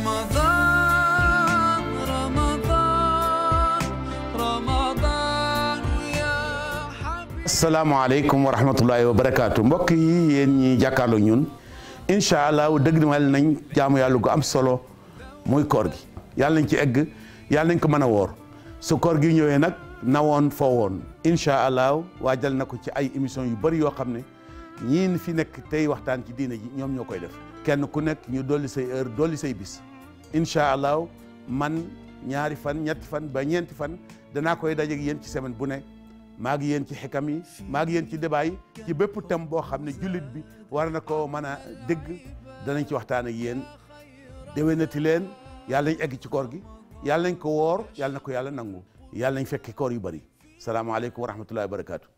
رمضان رمضان رمضان يا حبيبي asalaamaaleykum wa wa barakaatu mbokk yi yéen ñi jàkkaarloo ñun incha allah dëgmal nañ jaamu yàlla gu am solo muy koor gi yàlla nañ ci egg yàlla nañ ko mën a woor su koor gi ñëwee nag nawoon foo woon incha allah waajal na ko ci ay émission yu bëri yoo xam ne ñiin fi nekk tey waxtaan ci diine ji ñoom ñoo koy def kenn ku nekk ñu dolli say heure say bis incha allah man ñaari fan ñetti fan ba ñeenti fan danaa koy dajeeg yéen ci semaine bu ne maa ngi yéen ci xikam yi maa yéen ci débat yi ci bépp thème boo xam ne jullit bi war na koo mën a dégg danañ ci waxtaan ak yéen déwénati leen yàlla nañ egg ci koor gi yàlla nañ ko woor yàlla na ko yàlla nangu yàlla nañ fekki koor yu bëri salaamaaleykum wa rahmatullahi wa barakaatu.